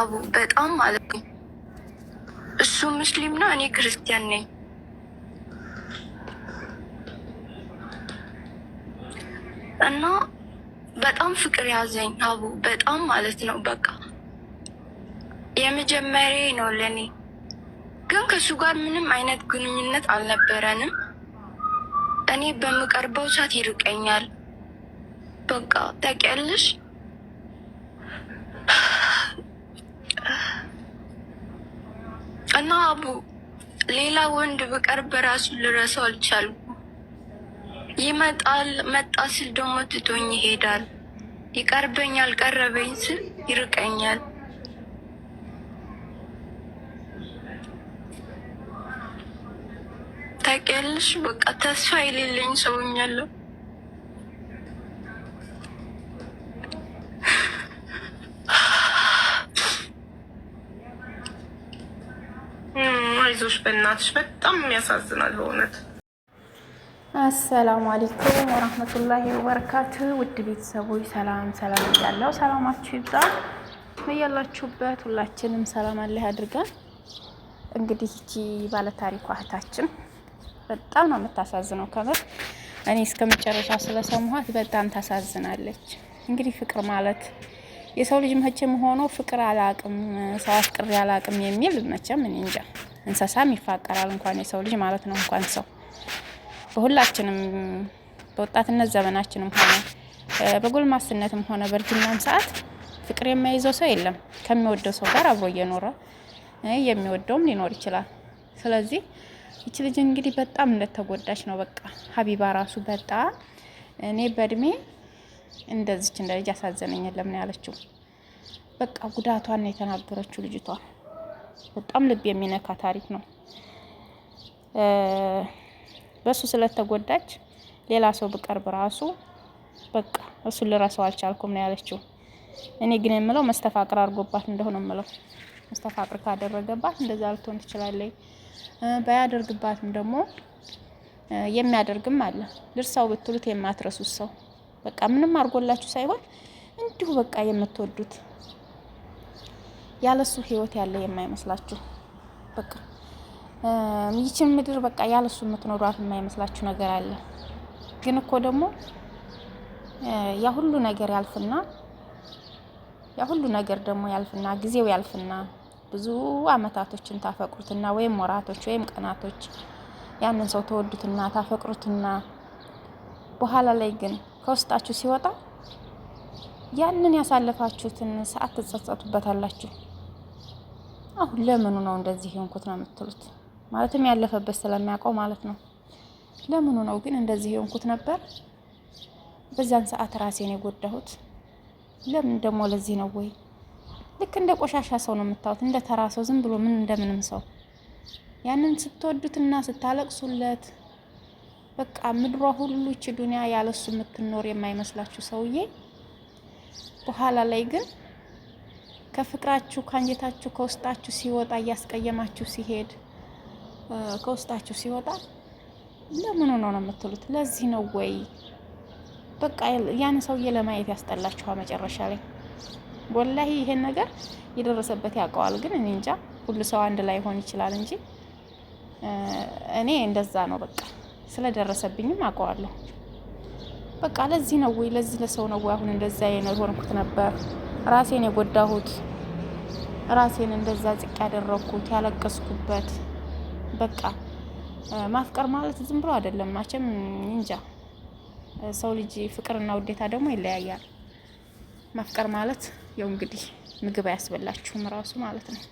አቡ በጣም ማለት ነው። እሱ ሙስሊም ነው፣ እኔ ክርስቲያን ነኝ። እና በጣም ፍቅር ያዘኝ አቡ በጣም ማለት ነው። በቃ የመጀመሪያ ነው ለእኔ ግን ከእሱ ጋር ምንም አይነት ግንኙነት አልነበረንም። እኔ በምቀርበው ሰዓት ይርቀኛል። በቃ ታውቂያለሽ እና አቡ ሌላ ወንድ ብቀርብ በራሱ ልረሳው አልቻልኩ። ይመጣል መጣ ስል ደግሞ ትቶኝ ይሄዳል። ይቀርበኛል ቀረበኝ ስል ይርቀኛል። ታውቂያለሽ፣ በቃ ተስፋ የሌለኝ ሰውኛለሁ። በእናትሽ በጣም የሚያሳዝናል በእውነት። አሰላሙ አለይኩም ወራህመቱላሂ ወበረካቱ። ውድ ቤተሰቦች ሰላም ሰላም እያለው ሰላማችሁ ይብዛ በያላችሁበት። ሁላችንም ሰላም አላህ አድርገን እንግዲህ ይቺ ባለታሪኳ እህታችን በጣም ነው የምታሳዝነው። ከምር እኔ እስከ መጨረሻ ስለሰማኋት በጣም ታሳዝናለች። እንግዲህ ፍቅር ማለት የሰው ልጅ መቼም ሆኖ ፍቅር አላቅም ሰው አፍቅሬ አላቅም የሚል መቼም እኔ እንጃ። እንስሳም ይፋቀራል እንኳን የሰው ልጅ ማለት ነው እንኳን ሰው በሁላችንም በወጣትነት ዘመናችንም ሆነ በጎልማስነትም ሆነ በእርጅናም ሰዓት ፍቅር የማይዘው ሰው የለም። ከሚወደው ሰው ጋር አብሮ እየኖረ የሚወደውም ሊኖር ይችላል። ስለዚህ ይች ልጅ እንግዲህ በጣም እንደተጎዳች ነው። በቃ ሀቢባ ራሱ በጣም እኔ በእድሜ እንደዚች እንደ ልጅ አሳዘነኝ ለምን ያለችው በቃ ጉዳቷን የተናገረችው ልጅቷ። በጣም ልብ የሚነካ ታሪክ ነው። በእሱ ስለተጎዳች ሌላ ሰው ብቀርብ ራሱ በቃ እሱን ልረሰው አልቻልኩም ነው ያለችው። እኔ ግን የምለው መስተፋቅር አድርጎባት እንደሆነ ምለው መስተፋቅር ካደረገባት እንደዛ ልትሆን ትችላለች። ባያደርግባትም ደግሞ የሚያደርግም አለ ልርሳው ብትሉት የማትረሱት ሰው በቃ ምንም አድርጎላችሁ ሳይሆን እንዲሁ በቃ የምትወዱት ያለሱ ህይወት ያለ የማይመስላችሁ በቃ ይችን ምድር በቃ ያለሱ የምትኖሯት የማይመስላችሁ ነገር አለ። ግን እኮ ደግሞ ያ ሁሉ ነገር ያልፍና ያ ሁሉ ነገር ደግሞ ያልፍና ጊዜው ያልፍና ብዙ አመታቶችን ታፈቅሩትና ወይም ወራቶች ወይም ቀናቶች ያንን ሰው ተወዱትና ታፈቅሩትና በኋላ ላይ ግን ከውስጣችሁ ሲወጣ ያንን ያሳለፋችሁትን ሰዓት ትጸጸቱበታላችሁ። አሁን ለምኑ ነው እንደዚህ የሆንኩት ነው የምትሉት። ማለትም ያለፈበት ስለሚያውቀው ማለት ነው። ለምኑ ነው ግን እንደዚህ የሆንኩት ነበር በዛን ሰዓት ራሴን የጎዳሁት ለምን ደግሞ ለዚህ ነው ወይ? ልክ እንደ ቆሻሻ ሰው ነው የምታዩት፣ እንደ ተራ ሰው ዝም ብሎ ምን እንደምንም ሰው ያንን ስትወዱትና ስታለቅሱለት በቃ ምድሯ ሁሉ ይቺ ዱንያ ያለሱ የምትኖር የማይመስላችሁ ሰውዬ በኋላ ላይ ግን ከፍቅራችሁ ከአንጀታችሁ ከውስጣችሁ ሲወጣ እያስቀየማችሁ ሲሄድ ከውስጣችሁ ሲወጣ ለምን ሆኖ ነው የምትሉት? ለዚህ ነው ወይ በቃ ያን ሰውዬ ለማየት ያስጠላችኋ መጨረሻ ላይ ወላሂ ይሄን ነገር የደረሰበት ያውቀዋል። ግን እኔ እንጃ ሁሉ ሰው አንድ ላይ ሆን ይችላል እንጂ እኔ እንደዛ ነው በቃ ስለደረሰብኝም አውቀዋለሁ። በቃ ለዚህ ነው ወይ ለዚህ ለሰው ነው ወይ አሁን እንደዛ የሆንኩት ነበር ራሴን የጎዳሁት ራሴን እንደዛ ጽቅ ያደረኩት ያለቀስኩበት። በቃ ማፍቀር ማለት ዝም ብሎ አይደለም ማቸም እንጃ። ሰው ልጅ ፍቅርና ውዴታ ደግሞ ይለያያል። ማፍቀር ማለት ያው እንግዲህ ምግብ አያስበላችሁም ራሱ ማለት ነው።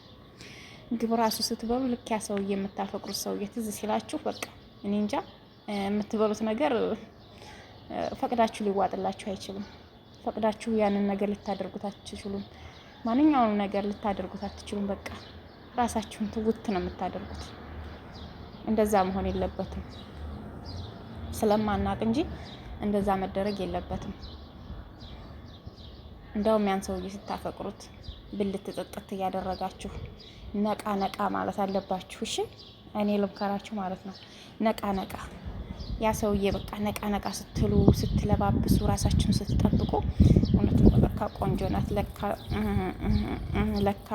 ምግብ ራሱ ስትበሉ ልክ ያ ሰውዬ የምታፈቅሩት ሰውዬ ትዝ ሲላችሁ በቃ እኔ እንጃ የምትበሉት ነገር ፈቅዳችሁ ሊዋጥላችሁ አይችልም። ፈቅዳችሁ ያንን ነገር ልታደርጉት አትችሉም። ማንኛውንም ነገር ልታደርጉት አትችሉም። በቃ ራሳችሁን ትውት ነው የምታደርጉት። እንደዛ መሆን የለበትም ስለማናቅ እንጂ እንደዛ መደረግ የለበትም። እንደውም ያን ሰውዬ ስታፈቅሩት ብልት ጥጥት እያደረጋችሁ ነቃ ነቃ ማለት አለባችሁ። እሺ እኔ ልምከራችሁ ማለት ነው ነቃ ነቃ ያ ሰውዬ በቃ ነቃ ነቃ ስትሉ ስትለባብሱ ራሳችሁን ስትጠብቁ እውነት ነው። ቆንጆ ናት ለካ ለካ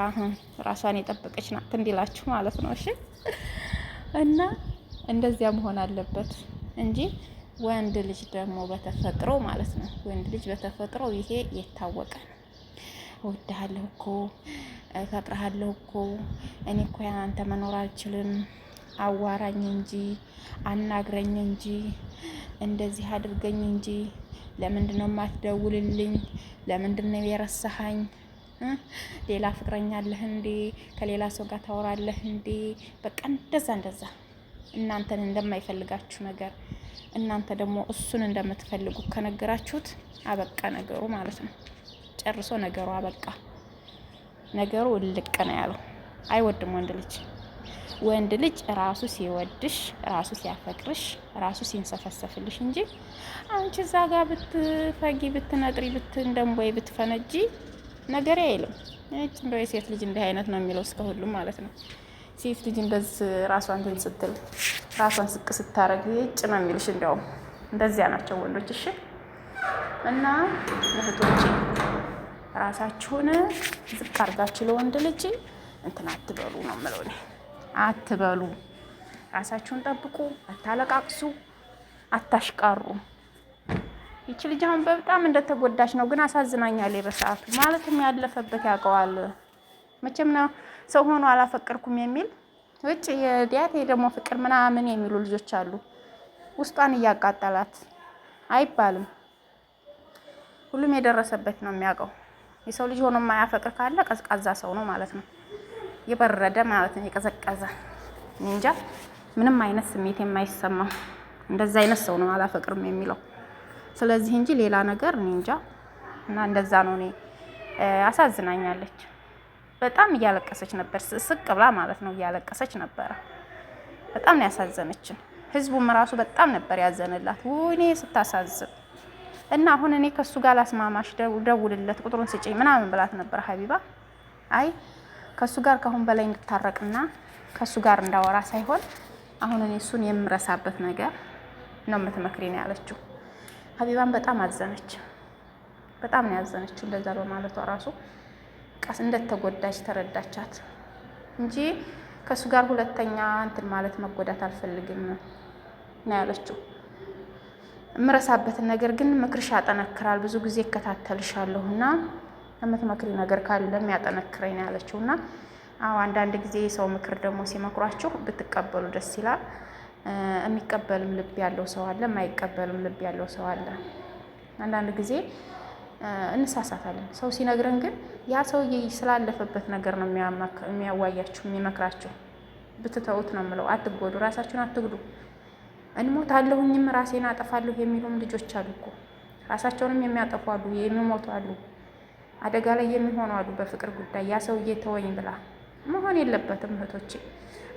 ራሷን የጠበቀች ናት እንዲላችሁ ማለት ነው። እሺ እና እንደዚያ መሆን አለበት እንጂ ወንድ ልጅ ደግሞ በተፈጥሮ ማለት ነው። ወንድ ልጅ በተፈጥሮ ይሄ የታወቀ ነው። እወድሃለሁ እኮ እፈቅርሃለሁ እኮ እኔ እኮ ያንተ መኖር አልችልም አዋራኝ እንጂ አናግረኝ እንጂ እንደዚህ አድርገኝ እንጂ ለምንድን ነው የማትደውልልኝ? ለምንድን ነው የረሳሃኝ? ሌላ ፍቅረኛ አለህ እንዴ? ከሌላ ሰው ጋር ታወራለህ እንዴ? በቃ እንደዛ እንደዛ እናንተን እንደማይፈልጋችሁ ነገር እናንተ ደግሞ እሱን እንደምትፈልጉ ከነገራችሁት አበቃ ነገሩ ማለት ነው። ጨርሶ ነገሩ አበቃ ነገሩ እልቅ ነው ያለው። አይወድም ወንድ ልጅ ወንድ ልጅ ራሱ ሲወድሽ ራሱ ሲያፈቅርሽ ራሱ ሲንሰፈሰፍልሽ እንጂ አንቺ እዛ ጋር ብትፈጊ ብትነጥሪ ብትንደንቦይ ብትፈነጂ ነገር አይልም። እጭ እንደ የሴት ልጅ እንዲህ አይነት ነው የሚለው እስከ ሁሉም ማለት ነው። ሴት ልጅ እንደዚህ ራሷን እንትን ስትል ራሷን ስቅ ስታረግ እጭ ነው የሚልሽ። እንዲያውም እንደዚያ ናቸው ወንዶች። እሺ እና እህቶቼ ራሳችሁን ዝቅ አድርጋችሁ ለወንድ ልጅ እንትን አትበሉ ነው የምለው እኔ አትበሉ። ራሳችሁን ጠብቁ። አታለቃቅሱ፣ አታሽቃሩ። ይቺ ልጅ አሁን በጣም እንደተጎዳች ነው፣ ግን አሳዝናኛል። በሰዓቱ ማለትም ያለፈበት ያውቀዋል። መቼም ነው ሰው ሆኖ አላፈቀርኩም የሚል ውጭ የዲያቴ ደግሞ ፍቅር ምናምን የሚሉ ልጆች አሉ። ውስጧን እያቃጠላት አይባልም። ሁሉም የደረሰበት ነው የሚያውቀው። የሰው ልጅ ሆኖ የማያፈቅር ካለ ቀዝቃዛ ሰው ነው ማለት ነው። የበረደ ማለት ነው፣ የቀዘቀዘ እንጃ ምንም አይነት ስሜት የማይሰማው እንደዛ አይነት ሰው ነው አላፈቅርም የሚለው ስለዚህ እንጂ ሌላ ነገር ኒንጃ እንጃ። እና እንደዛ ነው። እኔ አሳዝናኛለች በጣም እያለቀሰች ነበር፣ ስቅ ብላ ማለት ነው እያለቀሰች ነበረ። በጣም ነው ያሳዘነችን። ህዝቡም ራሱ በጣም ነበር ያዘንላት። ውኔ ስታሳዝን እና አሁን እኔ ከሱ ጋር ላስማማሽ፣ ደውልለት፣ ቁጥሩን ስጭኝ ምናምን ብላት ነበር ሀቢባ አይ ከእሱ ጋር ከአሁን በላይ እንድታረቅና ከእሱ ጋር እንዳወራ ሳይሆን አሁን እኔ እሱን የምረሳበት ነገር ነው የምትመክሪ ነው ያለችው። ሀቢባን በጣም አዘነች። በጣም ነው ያዘነችው እንደዛ በማለቷ ራሱ ቀስ እንደተጎዳች ተረዳቻት እንጂ ከእሱ ጋር ሁለተኛ እንትን ማለት መጎዳት አልፈልግም ነው ያለችው። የምረሳበትን ነገር ግን ምክርሽ ያጠነክራል፣ ብዙ ጊዜ እከታተልሻለሁና የምትመክሪ ነገር ካለ የሚያጠነክረኝ ነው ያለችው እና አዎ አንዳንድ ጊዜ የሰው ምክር ደግሞ ሲመክሯችሁ ብትቀበሉ ደስ ይላል። የሚቀበልም ልብ ያለው ሰው አለ፣ የማይቀበልም ልብ ያለው ሰው አለ። አንዳንድ ጊዜ እንሳሳታለን። ሰው ሲነግረን ግን ያ ሰውዬ ስላለፈበት ነገር ነው የሚያዋያችሁ የሚመክራችሁ። ብትተውት ነው የምለው። አትጎዱ፣ ራሳችሁን አትግዱ። እንሞታለሁኝም ራሴን አጠፋለሁ የሚሉም ልጆች አሉ እኮ ራሳቸውንም የሚያጠፉ አሉ፣ የሚሞቱ አሉ። አደጋ ላይ የሚሆኑ አሉ። በፍቅር ጉዳይ ያ ሰውዬ ተወኝ ብላ መሆን የለበትም እህቶቼ፣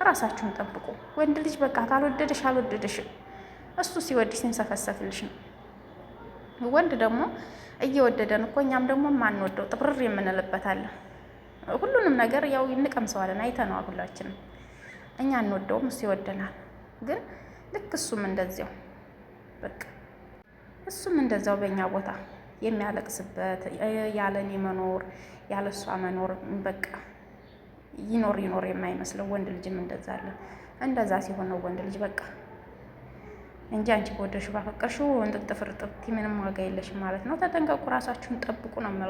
ራሳችሁን ጠብቁ። ወንድ ልጅ በቃ ካልወደደሽ አልወደደሽም። እሱ ሲወድሽ ሲንሰፈሰፍልሽ ነው። ወንድ ደግሞ እየወደደን እኮ እኛም ደግሞ የማንወደው ጥብርር የምንልበታለን። ሁሉንም ነገር ያው እንቀምሰዋለን። አይተነዋ ሁላችንም። እኛ እንወደውም እሱ ይወደናል። ግን ልክ እሱም እንደዚያው በቃ እሱም እንደዚያው በእኛ ቦታ የሚያለቅስበት ያለ እኔ መኖር ያለ እሷ መኖር በቃ ይኖር ይኖር የማይመስለው ወንድ ልጅም እንደዛ አለ። እንደዛ ሲሆን ነው ወንድ ልጅ በቃ እንጂ አንቺ በወደድሽው ባፈቀርሽው እንጥጥፍርጥፍቲ ምንም ዋጋ የለሽም ማለት ነው። ተጠንቀቁ፣ ራሳችሁን ጠብቁ ነው የምለው።